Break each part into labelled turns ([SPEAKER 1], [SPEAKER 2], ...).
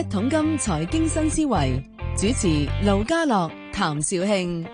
[SPEAKER 1] 一統金財經新思維主持盧家樂、譚兆慶，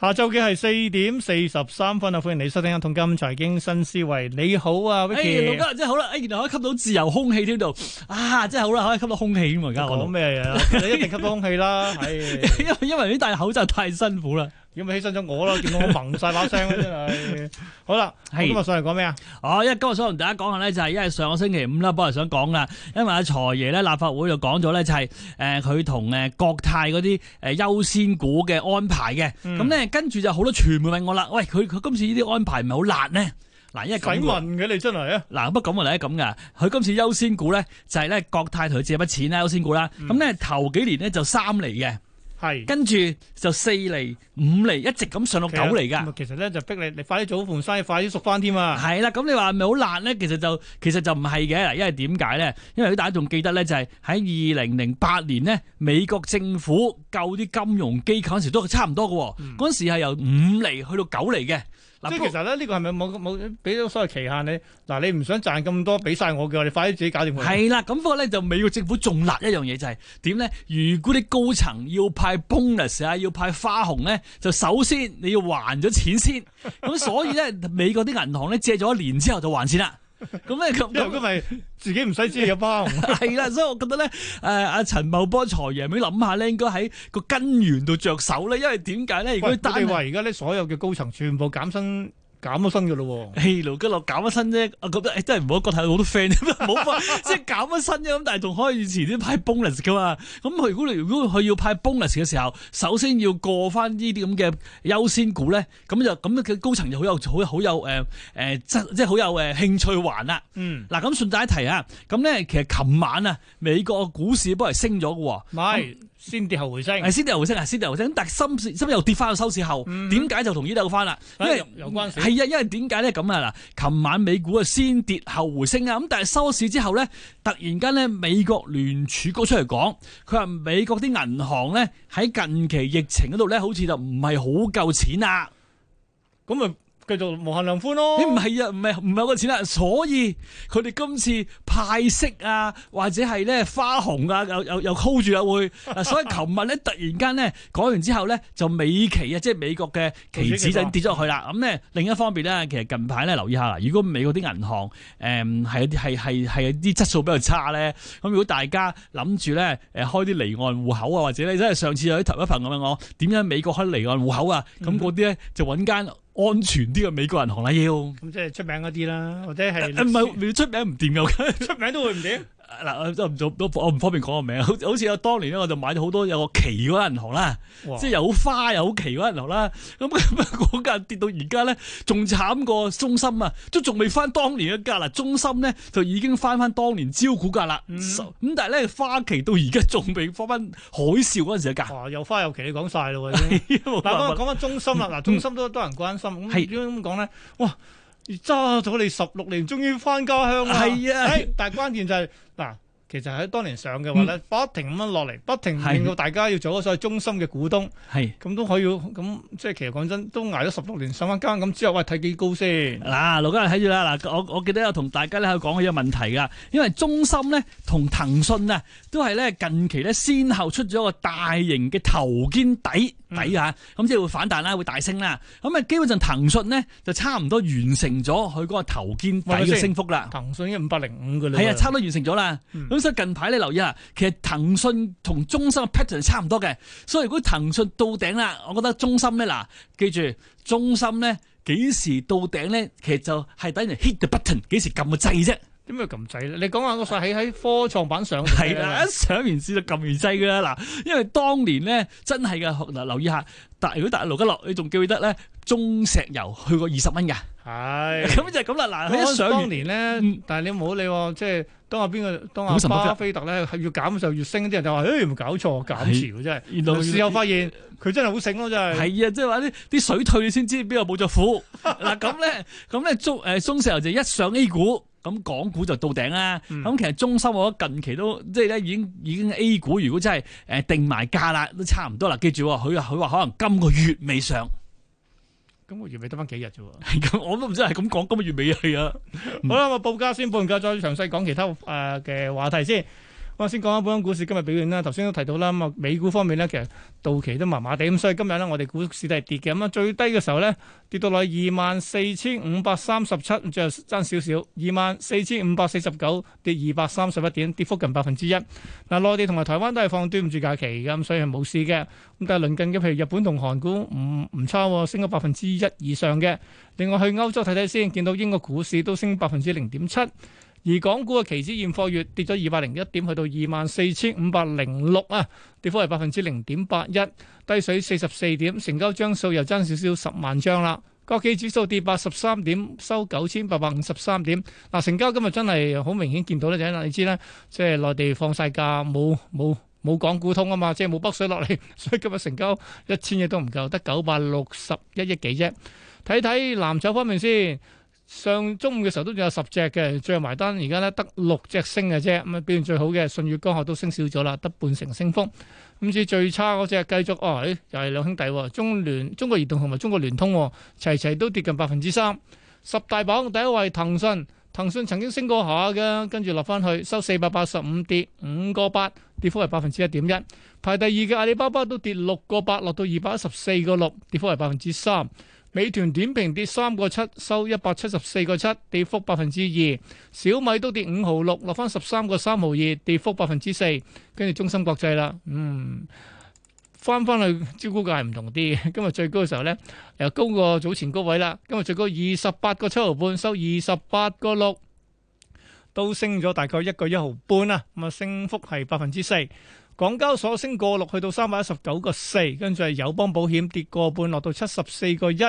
[SPEAKER 2] 下晝嘅係四點四十三分啊！歡迎你收聽一《一統金財經新思維》，你好啊 v i c t o 真係好啦，哎，原來可以吸到自由空氣呢度啊，真係好啦，可以吸到空氣咁啊！而家 我諗咩嘢啊？你
[SPEAKER 1] 一定吸到空氣啦，因、 哎、因為你戴口罩太辛苦啦。
[SPEAKER 2] 而咪起身咗我咯，見到我掹晒把聲
[SPEAKER 1] 咧真係。好啦，今日上嚟講咩啊？哦，因為今日想同大家講下咧就係，因為上個星期五啦，本來想講噶，因為阿財爺咧立法會就講咗咧，就係誒佢同誒國泰嗰啲誒優先股嘅安排嘅。咁咧跟住就好多傳媒問我啦，喂佢佢今次呢啲安排唔係好辣咧？嗱，因為使問嘅你真係啊。嗱，不過咁話嚟係咁噶，佢今次優先股咧就係咧國泰同佢借筆錢啦，優先股啦。咁咧頭幾年咧就三厘嘅。係，跟住就四厘、五厘一直咁上到九厘嘅。其實咧就逼你，你快啲做好盤生意，快啲熟翻添啊！係啦，咁你話係咪好難咧？其實就其實就唔係嘅，嗱，因為點解咧？因為大家仲記得咧，就係喺二零零八年咧，美國政府救啲金融機構嗰時都係差唔多嘅。嗯、嗰陣時係由五
[SPEAKER 2] 厘去到九厘嘅。即係其實咧，呢個係咪冇冇俾咗所謂期限你嗱，你唔想賺咁多，俾晒我嘅，你快啲自己搞掂佢。係啦， 咁不過咧，就美國政府仲辣一、就是、樣嘢就係點
[SPEAKER 1] 咧？如果啲高層要派 bonus 啊，要派花紅咧，就首先你要還咗錢先。咁所以咧，美國啲銀行咧借咗一年之後就還錢啦。咁咧，咁咁咪自己唔使自己又幫，係啦。 所以我覺得咧，誒、呃、阿陳茂波財爺，咪諗下咧，應該喺個根源度着手咧。因為點解咧？喂如果大圍
[SPEAKER 2] 而家咧，所有嘅高層全部減薪。減咗身嘅咯
[SPEAKER 1] 喎，誒勞吉樂減咗身啫，我覺得誒真係唔好，國泰好多 friend，好 吧 即係減咗身啫咁，但係仲可以遲啲派 bonus 嘅嘛。咁佢如果如果佢要派 bonus 嘅時候，首先要過翻呢啲咁嘅優先股咧，咁就咁佢高層又好，好，好有好好、呃、有誒誒、呃、即係即係好有誒、呃、興趣還啦。嗯，嗱咁順帶一提啊，咁咧其實琴晚啊美國股市都係升咗嘅喎。係。
[SPEAKER 2] 先跌後回升，係先跌後回升啊，
[SPEAKER 1] 先跌後回升。但係深市深又跌翻到收市後，點解就同呢度翻啦？因為有關係呀，因為點解咧咁啊？嗱，琴晚美股啊先跌後回升啊，咁但係收市之後咧，突然間咧美國聯儲局出嚟講，佢話美國啲銀行咧喺近期疫情嗰度咧，好似就唔係好夠錢啊，咁啊。佢做無限量寬咯，唔係、欸、啊，唔係唔係嗰個錢啦、啊，所以佢哋今次派息啊，或者係咧花紅啊，又又又 hold 住啊會嗱，所以琴日咧突然間咧講完之後咧，就美期啊，即係美國嘅期指就跌咗落去啦。咁咧另一方面咧，其實近排咧留意下啦，如果美國啲銀行誒係係係一啲質素比較差咧，咁如果大家諗住咧誒開啲離岸戶口啊，或者咧真係上次有啲投一棚咁樣我點解美國開離岸戶口啊？咁嗰啲咧就揾間。 安全啲嘅美國銀行啦，要
[SPEAKER 2] 咁、哦、即係出名嗰啲啦，或者係誒唔係，
[SPEAKER 1] 你出名唔掂嘅，出名都會唔掂。嗱，我唔做，我唔方便講個名。好似好似我當年咧，我就買咗好多有個奇嗰間銀行啦，哇即係有好花又好奇嗰間銀行啦。咁個股價跌到而家咧，仲慘過中心啊，都仲未翻當年嘅價。嗱，中心咧就已經翻翻當年招股價啦。咁、嗯、但係咧，花旗到而家仲未翻海
[SPEAKER 2] 嘯嗰陣時嘅價。又花又旗，你、哎、講晒咯喎。講翻中心啦，嗱、嗯，中心都多人關心。係點樣講咧？麼麼呢哇！揸咗你十六年，終於翻家鄉啦！係啊，但係關鍵就係、是、嗱。其實喺當年上嘅話咧，嗯、不停咁樣落嚟，不停令到大家要做咗所謂中心嘅股東，咁都是可以咁即係其實講真，都挨咗十六年上翻間，咁之後喂睇、哎、幾高先嗱。老家又睇住啦嗱，我我記得有同大家喺
[SPEAKER 1] 度講嘅一個問題㗎，因為中心咧同騰訊啊，都係咧近期咧先後出咗一個大型嘅頭肩底底嚇，咁、嗯啊、即係會反彈啦，會大升啦。咁啊基本上騰訊咧就差唔多完成咗佢嗰個頭肩底嘅升幅啦。騰訊已經五百零五個咧，係啊對，對差唔多完成咗啦。嗯嗯。即係近排你留意下，其實騰訊同中芯嘅 pattern 差唔多嘅，所以如果騰訊到頂啦，我覺得中芯咧嗱，記住中芯咧幾時到頂咧，其實就係等人 hit the button，幾時撳個掣啫？點解撳掣咧？你講下我喺喺科創板上市啦，一上完市就撳完掣噶啦嗱。 因為當年咧真係嘅嗱，留意下，但如果大係盧吉樂，你仲記唔記得咧？
[SPEAKER 2] 中石油去過二十蚊嘅，係咁
[SPEAKER 1] 的就咁啦嗱。一上當
[SPEAKER 2] 年咧，嗯、但係你唔好理即係。就是當阿邊個，當阿巴菲特咧，越減就越升，啲人就話，誒、欸，唔搞錯，減持嘅真係。事後發現佢、欸、真係好醒咯，真係。係啊，即係話啲，啲水退你
[SPEAKER 1] 先知邊個冇着褲。嗱，咁咧，咁咧中，誒，中石油就一上 A 股，咁港股就到頂啦。咁、嗯、其實中芯我近期都，即係咧，已經，已經 A 股如果真係，誒，定埋價啦，都差唔多啦。記住，佢佢話可能今個月未上。
[SPEAKER 2] 咁個月尾得翻幾日啫， 我都唔知係咁講，今個月尾係啊。 好啦，我、嗯、報價先半格，再詳細講其他誒嘅話題先。我先講下本港股市今日表現啦。頭先都提到啦，咁啊美股方面咧，其實到期都麻麻地咁，所以今日咧我哋股市都係跌嘅。咁啊最低嘅時候咧，24, 49, 跌到落二萬四千五百三十七，最後爭少少二萬四千五百四十九，跌二百三十一點，跌幅近百分之一。嗱，內地同埋台灣都係放端午假期嘅，咁所以係冇事嘅。咁但係鄰近嘅譬如日本同韓股唔唔差，升咗百分之一以上嘅。另外去歐洲睇睇先，見到英國股市都升百分之零點七。而港股嘅期指現貨月跌咗二百零一點，去到二萬四千五百零六啊，跌幅係百分之零點八一，低水四十四點，成交張數又增少少十萬張啦。國企指數跌八十三點，收九千八百五十三點。嗱、啊，成交今日真係好明顯見到咧，就係你知啦，即係內地放晒假，冇冇冇港股通啊嘛，即係冇北水落嚟，所以今日成交一千億都唔夠，得九百六十一億幾啫。睇睇藍籌方面先。上中午嘅時候都仲有十隻嘅，最後埋單，而家咧得六隻升嘅啫。咁啊，表現最好嘅舜宇光學都升少咗啦，得半成升幅。咁至最差嗰隻繼續，哦，又係兩兄弟、哦，中聯、中國移動同埋中國聯通、哦、齊齊都跌近百分之三。十大榜第一位騰訊，騰訊曾經升過下嘅，跟住落翻去收四百八十五，跌五個八，跌幅係百分之一點一。排第二嘅阿里巴巴都跌六個八，落到二百一十四個六，跌幅係百分之三。美團點評跌三個七，收一百七十四個七，跌幅百分之二。小米都跌五毫六，落翻十三個三毫二，跌幅百分之四。跟住中心國際啦，嗯，翻翻去招股價係唔同啲。今日最高嘅時候呢，又高過早前高位啦。今日最高二十八個七毫半，收二十八個六，都升咗大概一個一毫半啊。咁啊，升幅係百分之四。港交所升過六，去到三百一十九個四，跟住係友邦保險跌過半，落到七十四個一，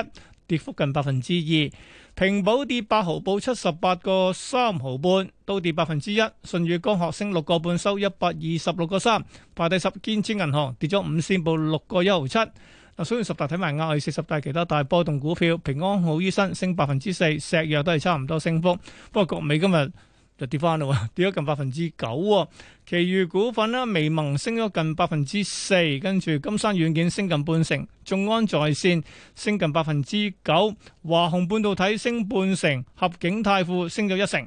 [SPEAKER 2] 跌幅近百分之二。平保跌八毫，報七十八個三毫半，都跌百分之一。舜宇光學升六個半，收一百二十六個三，排第十。建設銀行跌咗五仙，報六個一毫七。嗱，所以十大睇埋亞，四十大其他大波動股票，平安好醫生升百分之四，石藥都係差唔多升幅。不過國美今日就跌返啦，跌咗近百分之九。其餘股份咧，微盟升咗近百分之四，跟住金山軟件升近半成，眾安在綫升近百分之九，華虹半導體升半成，合景泰富升咗一成。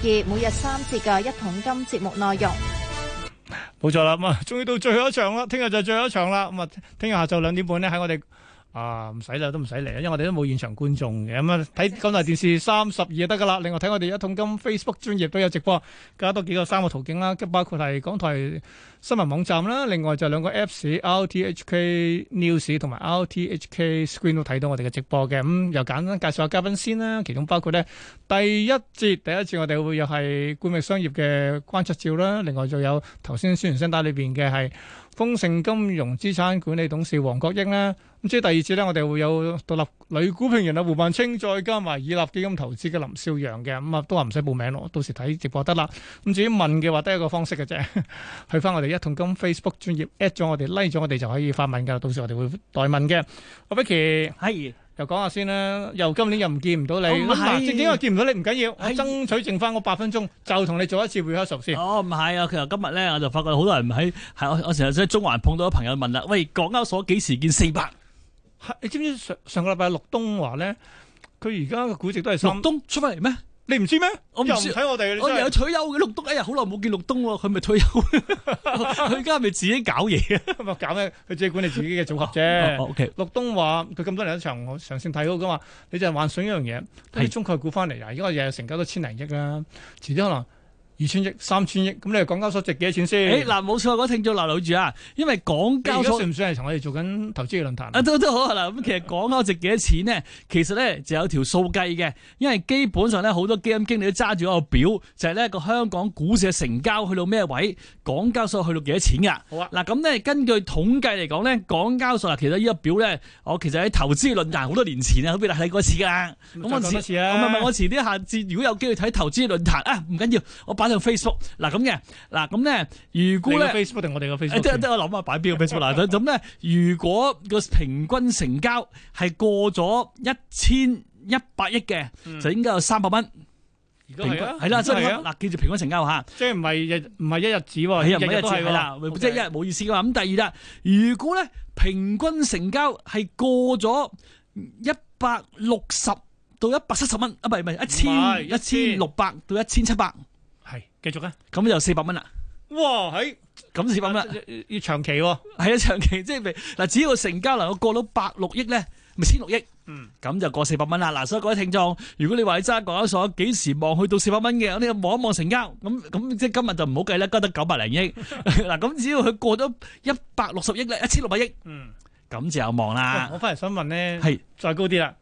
[SPEAKER 1] 每日三節嘅一桶金節目內容，
[SPEAKER 2] 冇錯啦。咁啊，終於到最後一場啦，聽日就最後一場啦。咁啊，聽日下晝兩點半呢，喺我哋。啊，唔使啦，都唔使嚟啦，因為我哋都冇現場觀眾嘅。咁啊，睇港台電視三十二就得㗎啦。另外睇我哋一桶金 Facebook 專業都有直播，加多幾個三個途徑啦。咁包括係港台新聞網站啦，另外就兩個 Apps，RTHK News 同埋 RTHK Screen 都睇到我哋嘅直播嘅。咁又簡單介紹下嘉賓先啦，其中包括呢第一節第一節我哋會又係冠名商業嘅關焯照啦，另外仲有頭先宣傳聲帶裏邊嘅係。豐盛金融資產管理董事黃國英啦，咁即係第二次咧，我哋會有獨立女股評人阿胡萬清，再加埋以立基金投資嘅林少陽嘅，咁啊都話唔使報名咯，到時睇直播得啦。咁至於問嘅話，得一個方式嘅啫，去返我哋一桶金 Facebook 專頁 at 咗我哋，like 咗我哋就可以發問噶。到時我哋會代問嘅。阿 Vicky 係。又講下先啦，又今年又唔見唔到你。哦、正正因為見唔到你唔緊要，我爭取剩翻我八分鐘，哎、就同你做一次會合熟先。哦，唔係啊，其實今日咧，我就發覺好多人喺
[SPEAKER 1] 喺我，我成日喺中環碰到啲朋友問啦，喂，港交所幾時見四百？
[SPEAKER 2] 你知唔知上上個禮拜陸東話咧，佢而家嘅估值都係三，東出翻嚟咩？你唔知咩？我唔知睇我哋，我又有退休嘅。陸東，哎呀，好耐冇見陸東喎、啊，佢咪退休？佢而家咪自己搞嘢啊？咪搞咩？佢自己管理自己嘅組合啫。陸、哦哦哦 okay、東話佢咁多人一場，我上試睇好噶嘛？你就係幻想一樣嘢，啲中概股翻嚟啊！而家日日成交都千零億啦，遲啲可能。二千億、三千億，咁你港交所值幾多錢先？誒、欸，嗱、啊，冇錯，我聽眾留留住啊，因為港交所算唔算係同我哋做緊投資嘅論壇？啊，都都好啊
[SPEAKER 1] 嗱，咁其實港交值幾多錢呢？其實咧 就有條數計嘅，因為基本上咧好多基金經理都揸住一個表，就係、是、呢個香港股市嘅成交去到咩位，港交所去到幾多錢噶。好啊，嗱、啊，咁咧根據統計嚟講咧，港交所啊，其實呢個表咧，我其實喺投資論壇好多年前 可可啊，都俾你睇過一次噶。咁我遲，唔我遲啲下次如果有機會睇投資論壇啊，唔緊要，我。反正 Facebook 嗱咁嘅嗱咁咧，如果咧 Facebook 定我哋嘅 Facebook，即係我諗下擺邊個 Facebook 嗱、哎，咁咧，如果個平均成交係過咗一千一百億嘅，就應該有三百蚊平均係啦，即係
[SPEAKER 2] 嗱，記住平均成交吓，即係唔係日唔係一日止喎，一日，日都係啦、啊，啊、okay. 即係一
[SPEAKER 1] 日冇意思嘅嘛。咁第二啦，如果咧平均成交係過咗一百六十到一百七十蚊，啊唔係唔係一千一千六百到一千七百。1000, 1600, 1600繼續啊，咁就四百蚊啦。哇，喺咁四百蚊，要長期喎。係啊，長期即係嗱，只要成交能夠過到百六億咧，咪千六億。嗯，咁就過四百蚊啦。嗱，所以各位聽眾，如果你話你揸港交所，幾時望去到四百蚊嘅？你望一望成交，咁咁即係今日就唔好計啦，過得九百零億。嗱，咁只要佢過咗一百六十億咧，一千六百億。嗯，咁就有望啦。我翻嚟想問咧，係再高啲啦，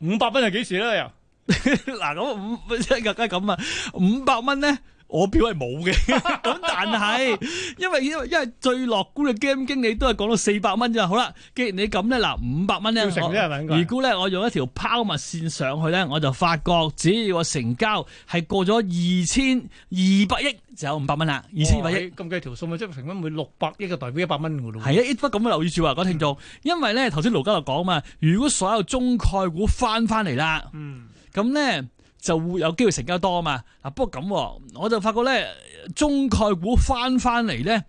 [SPEAKER 1] 五百蚊係幾時咧？又嗱，咁五即係更加咁啊，五百蚊咧。我表係冇嘅，咁 但係，因為因為因為最樂觀嘅基金經理都係講到四百蚊咋，好啦，既然你咁咧，嗱五百蚊咧要成是是，如果咧我用一條拋物線上去咧，我就發覺只要我成交係過咗二千二百億，就有五百蚊啦，二千二百億
[SPEAKER 2] 咁計條數咪即係平均每六
[SPEAKER 1] 百億嘅代表一百蚊噶咯，係啊，亦都咁留意住啊，各位聽眾，因為咧頭先盧家又講啊嘛，如果所有中概股翻翻嚟啦，嗯，咁咧。就會有機會成交多啊嘛！嗱，不過咁、啊，我就發覺咧，中概股翻翻嚟咧，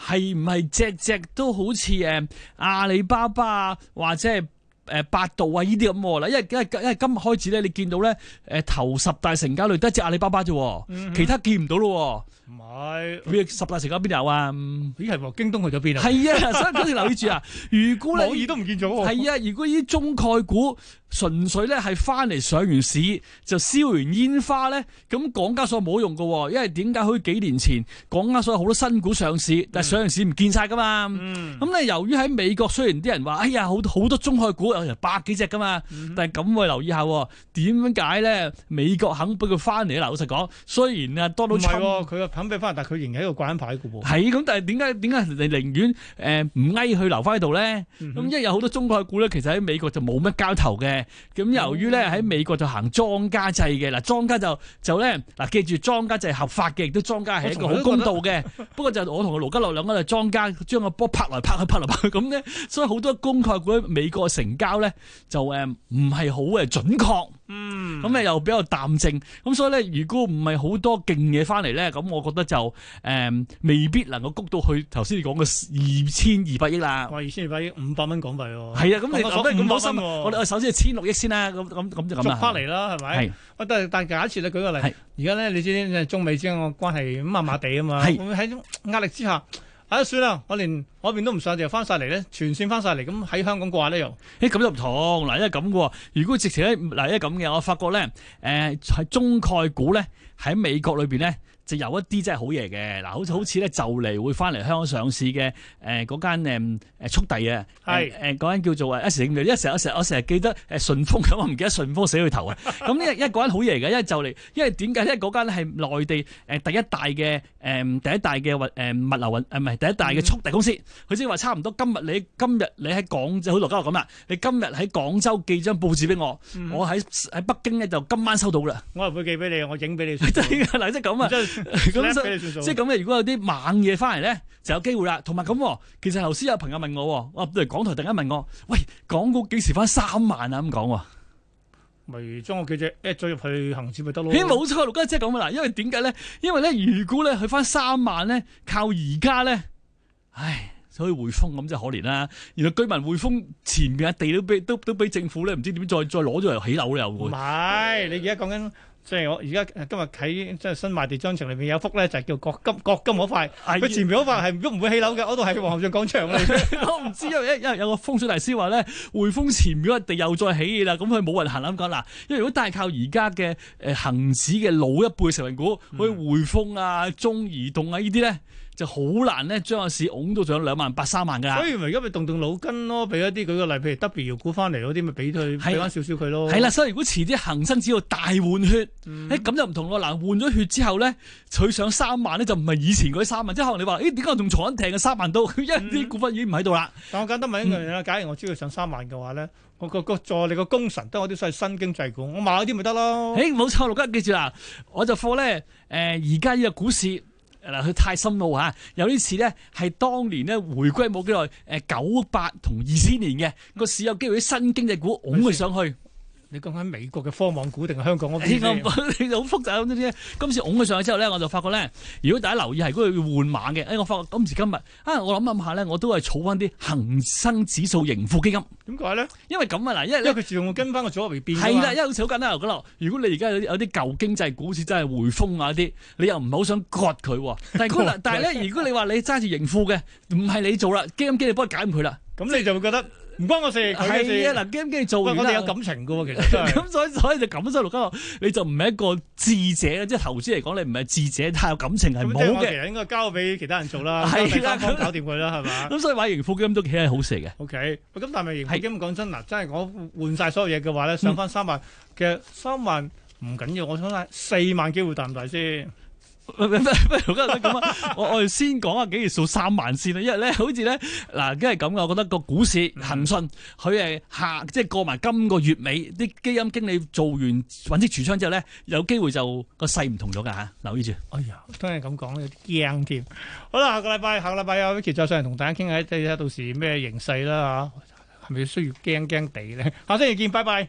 [SPEAKER 1] 係唔係隻隻都好似誒、啊、阿里巴巴啊，或者係？誒，百度啊，呢啲咁啦，因為因為因為今日開始咧，你見到咧，誒頭十大成交率得只一隻阿里巴巴啫，啊嗯、哼 其他見唔到咯，唔係，十大成交邊有啊？咦，係咪京東去咗邊啊？係啊，所以都留意住啊。如果咧，網易都唔見咗。係啊，如果呢啲、啊啊、中概股純粹咧係翻嚟上完市就燒完煙花咧，咁港交所冇用噶、啊，因為點解？佢以幾年前港交所有好多新股上市，但係上完市唔見晒噶嘛。咁咧，由於喺美國雖然啲人話，哎呀，好好多中概股。百幾隻噶嘛，但係咁我留意下，點解咧？美國肯俾佢翻嚟咧？嗱，老實講，雖然啊多到，
[SPEAKER 2] 佢個肯俾翻，但係佢仍然喺個關牌噶喎。係
[SPEAKER 1] 咁，但係點解點解你寧願誒唔翳佢留翻喺度咧？咁因為、嗯、哼有好多中概股咧，其實喺美國就冇乜交投嘅。咁由於咧喺美國就行莊家制嘅，嗱，莊家就就咧嗱，記住莊家就係合法嘅，亦都莊家係一個好公道嘅。不過就我同盧家洛兩個就莊家，將個波拍，拍，拍，拍來拍去，拍來拍去咁咧，所以好多公概股喺美國成。交咧就誒唔係好誒準確，嗯，咁誒又比較淡靜，咁所以咧如果唔係好多勁嘢翻嚟咧，咁我覺得就誒未必能夠谷到去頭先你講嘅二千二百億啦。哇！二千二百億五百蚊港幣喎，係啊，咁你我都咁冇心。我
[SPEAKER 2] 我首先千六億先啦，咁咁咁就咁啦。捉翻嚟咯，係咪？係。我但但假設咧舉個例，而家咧你知，中美之間個關係咁麻麻地啊嘛，喺壓力之下。哎、啊，算啦，我連我邊都唔上，就翻晒嚟咧，全線翻晒嚟，咁喺香港掛呢，又、欸，哎咁又唔同，
[SPEAKER 1] 嗱，因為咁嘅喎。如果直情咧，嗱，因為咁嘅，我發覺咧，誒、呃、喺中概股咧喺美國裏邊咧。就有一啲真係好嘢嘅，嗱，好似好似咧，就嚟會翻嚟香港上市嘅，誒嗰間誒誒速遞啊，係誒嗰間叫做誒一時零秒，一時我成我成日記得誒順豐咁，我唔記得順豐死去頭啊。咁呢一嗰間好嘢嚟嘅，因為就嚟，因為點解咧？嗰間咧係內地誒第一大嘅誒第一大嘅運誒物流運誒唔係第一大嘅速遞公司。佢即係話差唔多今日你今日你喺廣州好羅嘉樂咁啦，你今日喺廣州寄張報紙俾我，我喺喺北京咧就今晚收到啦，
[SPEAKER 2] 我又會寄俾你，我影俾你。真係嗱，即係咁啊！咁即係
[SPEAKER 1] 咁咧，如果有啲猛嘢翻嚟咧，就有機會啦。同埋咁，其實頭先有朋友問我，啊嚟港台突然間問我，喂，港股幾時翻三
[SPEAKER 2] 萬啊？咁講，咪將我幾隻 add 咗入去恒指咪得咯？嘿，冇錯，
[SPEAKER 1] 陸家姐咁啊嗱，因為點解咧？因為咧，如果咧去翻三萬咧，靠而家咧，唉，所以匯豐咁真係可憐啦。原來居民匯豐前邊嘅地都俾都都俾政府咧，唔知點再再攞咗嚟起樓啦又會。
[SPEAKER 2] 唔係不，呃、你而家講緊。即係我而家今日喺即係新買地章程裏邊有幅咧就係、是、叫國金國金嗰塊，佢、哎、前面嗰塊係都唔會起樓嘅，嗰度係皇后像廣場嚟我唔 知，因為因為有個風水大師話咧，匯豐前面嗰
[SPEAKER 1] 地又再起啦，咁佢冇人行諗講嗱，因為如果都係靠而家嘅誒恒指嘅老一輩成份股，好似匯豐啊、中移動啊呢啲咧。就好難咧，將個市㧬到上兩萬八三萬噶啦。所以咪而家咪動動腦筋咯，俾一啲舉個例，譬如 W 股翻嚟嗰啲咪俾佢
[SPEAKER 2] 俾翻少少佢咯。係啦、啊，
[SPEAKER 1] 所以如果遲啲恆生只要大換血，誒咁、嗯欸、就唔同咯。嗱換咗血之後咧，取上三萬咧就唔係以前嗰啲三萬，即係可能你話誒點解我仲坐緊艇嘅三
[SPEAKER 2] 萬到，佢一啲股份已經唔喺度啦。但我簡單問一樣嘢啦，嗯、假如我知佢上三萬嘅話咧，我個個助力個功臣都係我啲所謂新經濟股，我買啲咪得咯。誒冇錯，六吉記住啦，我
[SPEAKER 1] 就貨咧誒而家呢個股市。嗱，佢太深奧吓，有啲事咧，係當年咧回歸冇幾耐，誒九八同二千年嘅個市有機會啲新經濟股
[SPEAKER 2] 㧬佢上去。等等你講緊美國嘅科網股定香港、欸、我邊？呢個
[SPEAKER 1] 你就好複雜，咁啲今次拱佢上去之後咧，我就發覺咧，如果大家留意係嗰個換碼嘅，哎，我發覺今時今日啊，我諗諗下咧，我都係儲翻啲恒生指數盈富基金。點
[SPEAKER 2] 解咧？因為咁啊，嗱，因為咧，佢自動跟翻個組合嚟變。係啦，因為好似好簡單咁咯。如果你而
[SPEAKER 1] 家有啲舊經濟股市真係回風啊啲，你又唔係好想割佢。但係但係咧，如果你話你揸住盈富嘅，唔係你做啦，基金經理幫你解唔佢啦。咁你就會覺得。即唔關我事，係的啊嗱，game g a 做，我哋有感情噶喎，其實咁、就是、 所以所以就感受六加六，你就唔係一個智者，即係投資嚟講，你唔係智者，太有感情係冇嘅。其實應
[SPEAKER 2] 該交俾其他人做啦，的三萬方搞掂佢啦，係嘛？咁
[SPEAKER 1] 所以買完富基金 m e 都幾係好食嘅。
[SPEAKER 2] OK，咁但係如果咁講真嗱，真係我換晒所有嘢嘅話咧，上翻三萬嘅三、嗯、萬唔緊要，我想睇四萬機會大唔大先。是 不
[SPEAKER 1] 如咁啊！我我哋先講下幾條數三萬先啦，因為咧好似咧嗱，因為咁啊，我覺得個股市恒信佢係下，即係過埋今個月尾啲基金經理做完揾啲櫥窗之後咧，有機會就個勢唔同咗噶吓，留意住。
[SPEAKER 2] 哎呀，都係咁講有啲驚添。好啦，下個禮拜下禮拜啊，Vicky 再上嚟同大家傾下，即係到時咩形勢啦吓，係咪需要驚驚地咧？下星期見，拜拜。